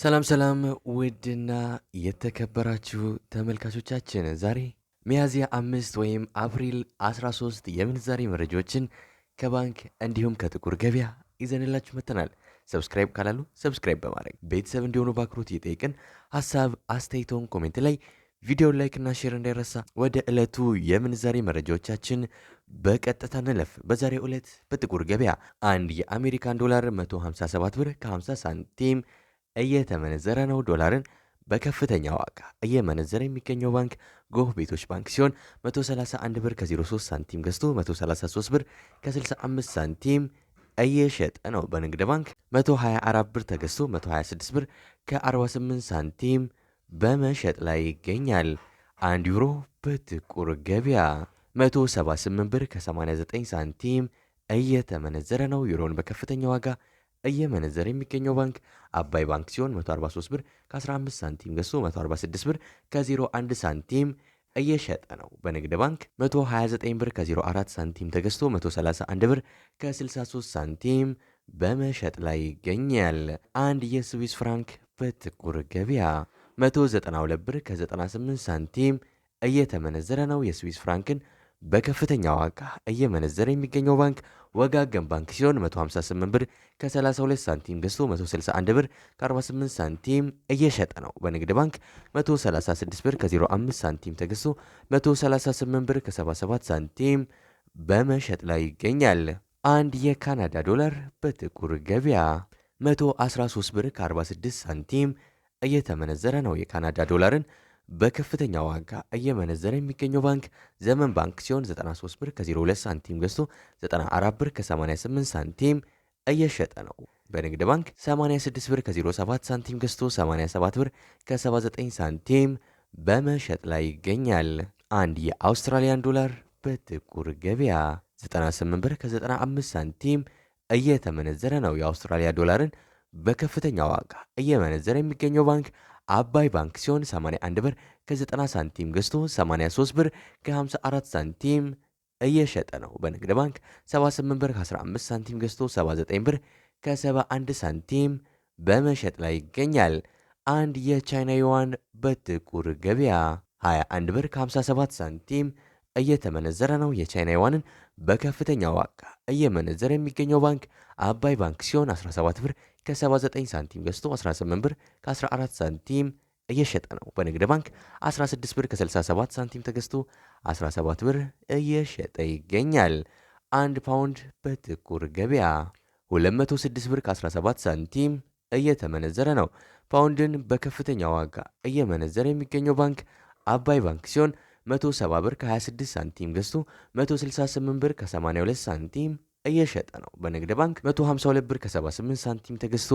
ሰላም ሰላም ውድና የተከበራችሁ ተመልካቾቻችን ዛሬ ሚያዝያ አምስት ወይም አፕሪል 13 የምንዛሬ መረጃዎችን ከባንክ እንዲሁም ከጥቁር ገበያ ይዘንላችሁ መጥተናል። ሰብስክራይብ ካላሉ ሰብስክራይብ በማድረግ ቤተሰብ እንዲሆኑ በአክብሮት እየጠየቅን ሀሳብ አስተያየቶን ኮሜንት ላይ ቪዲዮ ላይክና ሼር እንዳይረሳ። ወደ ዕለቱ የምንዛሬ መረጃዎቻችን በቀጥታ እንለፍ። በዛሬው ዕለት በጥቁር ገበያ አንድ የአሜሪካን ዶላር 157 ብር ከ50 ሳንቲም እየተመነዘረ ነው። ዶላርን በከፍተኛ ዋጋ እየመነዘረ የሚገኘው ባንክ ጎህ ቤቶች ባንክ ሲሆን 131 ብር ከ03 ሳንቲም ገዝቶ 133 ብር ከ65 ሳንቲም እየሸጠ ነው። በንግድ ባንክ 124 ብር ተገዝቶ 126 ብር ከ48 ሳንቲም በመሸጥ ላይ ይገኛል። አንድ ዩሮ በጥቁር ገበያ 178 ብር ከ89 ሳንቲም እየተመነዘረ ነው። ዩሮን በከፍተኛ ዋጋ እየመነዘረ የሚገኘው ባንክ አባይ ባንክ ሲሆን 143 ብር ከ15 ሳንቲም ገዝቶ 146 ብር ከ01 ሳንቲም እየሸጠ ነው። በንግድ ባንክ 129 ብር ከ04 ሳንቲም ተገዝቶ 131 ብር ከ63 ሳንቲም በመሸጥ ላይ ይገኛል። አንድ የስዊስ ፍራንክ በጥቁር ገበያ 192 ብር ከ98 ሳንቲም እየተመነዘረ ነው። የስዊስ ፍራንክን በከፍተኛ ዋጋ እየመነዘረ የሚገኘው ባንክ ወጋገን ባንክ ሲሆን 158 ብር ከ32 ሳንቲም ገዝቶ 161 ብር ከ48 ሳንቲም እየሸጠ ነው። በንግድ ባንክ 136 ብር ከ05 ሳንቲም ተገዝቶ 138 ብር ከ77 ሳንቲም በመሸጥ ላይ ይገኛል። አንድ የካናዳ ዶላር በጥቁር ገበያ 113 ብር ከ46 ሳንቲም እየተመነዘረ ነው። የካናዳ ዶላርን በከፍተኛ ዋጋ እየመነዘረ የሚገኘው ባንክ ዘመን ባንክ ሲሆን 93 ብር ከ02 ሳንቲም ገዝቶ 94 ብር ከ88 ሳንቲም እየሸጠ ነው። በንግድ ባንክ 86 ብር ከ07 ሳንቲም ገዝቶ 87 ብር ከ79 ሳንቲም በመሸጥ ላይ ይገኛል። አንድ የአውስትራሊያን ዶላር በጥቁር ገበያ 98 ብር ከ95 ሳንቲም እየተመነዘረ ነው። የአውስትራሊያ ዶላርን በከፍተኛ ዋጋ እየመነዘረ የሚገኘው ባንክ አባይ ባንክ ሲሆን 81 ብር ከ90 ሳንቲም ገዝቶ 83 ብር ከ54 ሳንቲም እየሸጠ ነው። በንግድ ባንክ 78 ብር ከ15 ሳንቲም ገዝቶ 79 ብር ከ71 ሳንቲም በመሸጥ ላይ ይገኛል። አንድ የቻይና ዩዋን በጥቁር ገበያ 21 ብር ከ57 ሳንቲም እየተመነዘረ ነው። የቻይና ዩዋንን በከፍተኛ ዋጋ እየመነዘረ የሚገኘው ባንክ አባይ ባንክ ሲሆን 17 ብር ከ79 ሳንቲም ገዝቶ 18 ብር ከ14 ሳንቲም እየሸጠ ነው። በንግድ ባንክ 16 ብር ከ67 ሳንቲም ተገዝቶ 17 ብር እየሸጠ ይገኛል። አንድ ፓውንድ በጥቁር ገበያ 206 ብር ከ17 ሳንቲም እየተመነዘረ ነው። ፓውንድን በከፍተኛ ዋጋ እየመነዘረ የሚገኘው ባንክ አባይ ባንክ ሲሆን 170 ብር ከ26 ሳንቲም ገዝቶ 168 ብር ከ82 ሳንቲም እየሸጠ ነው። በንግድ ባንክ 152 ብር ከ78 ሳንቲም ተገዝቶ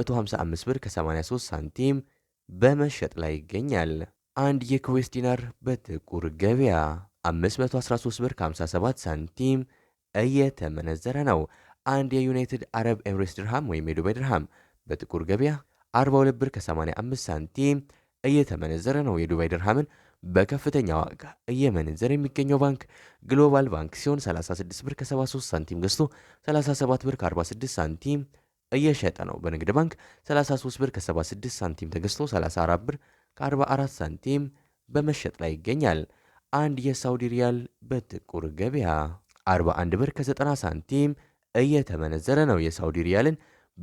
155 ብር ከ83 ሳንቲም በመሸጥ ላይ ይገኛል። አንድ የኩዌስ ዲናር በጥቁር ገበያ 513 ብር ከ57 ሳንቲም እየተመነዘረ ነው። አንድ የዩናይትድ አረብ ኤምሬስ ድርሃም ወይም የዱባይ ድርሃም በጥቁር ገበያ 42 ብር ከ85 ሳንቲም እየተመነዘረ ነው። የዱባይ ድርሃምን በከፍተኛ ዋጋ እየመነዘረ የሚገኘው ባንክ ግሎባል ባንክ ሲሆን 36 ብር ከ73 ሳንቲም ገዝቶ 37 ብር ከ46 ሳንቲም እየሸጠ ነው። በንግድ ባንክ 33 ብር ከ76 ሳንቲም ተገዝቶ 34 ብር ከ44 ሳንቲም በመሸጥ ላይ ይገኛል። አንድ የሳውዲ ሪያል በጥቁር ገበያ 41 ብር ከ90 ሳንቲም እየተመነዘረ ነው። የሳውዲ ሪያልን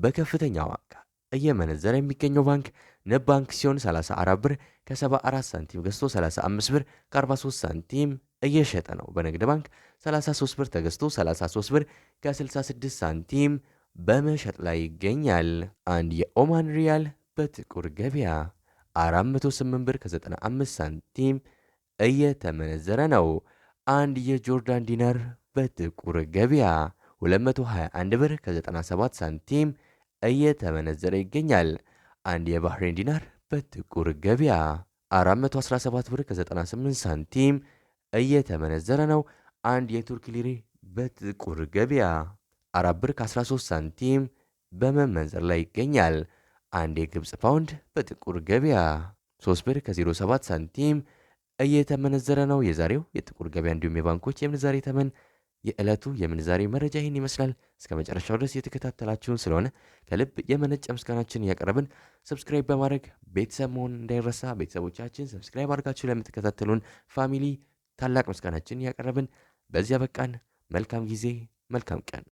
በከፍተኛ ዋጋ እየመነዘረ የሚገኘው ባንክ ንብ ባንክ ሲሆን 34 ብር ከ74 ሳንቲም ገዝቶ 35 ብር ከ43 ሳንቲም እየሸጠ ነው። በንግድ ባንክ 33 ብር ተገዝቶ 33 ብር ከ66 ሳንቲም በመሸጥ ላይ ይገኛል። አንድ የኦማን ሪያል በጥቁር ገበያ 408 ብር ከ95 ሳንቲም እየተመነዘረ ነው። አንድ የጆርዳን ዲነር በጥቁር ገበያ 221 ብር ከ97 ሳንቲም እየተመነዘረ ይገኛል። አንድ የባህሬን ዲናር በጥቁር ገበያ 417 ብር ከ98 ሳንቲም እየተመነዘረ ነው። አንድ የቱርክ ሊሪ በጥቁር ገበያ 4 ብር ከ13 ሳንቲም በመመንዘር ላይ ይገኛል። አንድ የግብፅ ፓውንድ በጥቁር ገበያ 3 ብር ከ07 ሳንቲም እየተመነዘረ ነው። የዛሬው የጥቁር ገበያ እንዲሁም የባንኮች የምንዛሬ ተመን የዕለቱ የምንዛሬ መረጃ ይህን ይመስላል። እስከ መጨረሻው ድረስ የተከታተላችሁን ስለሆነ ከልብ የመነጨ ምስጋናችን እያቀረብን ሰብስክራይብ በማድረግ ቤተሰብ መሆን እንዳይረሳ፣ ቤተሰቦቻችን ሰብስክራይብ አድርጋችሁ ለምትከታተሉን ፋሚሊ ታላቅ ምስጋናችን እያቀረብን በዚያ በቃን። መልካም ጊዜ፣ መልካም ቀን።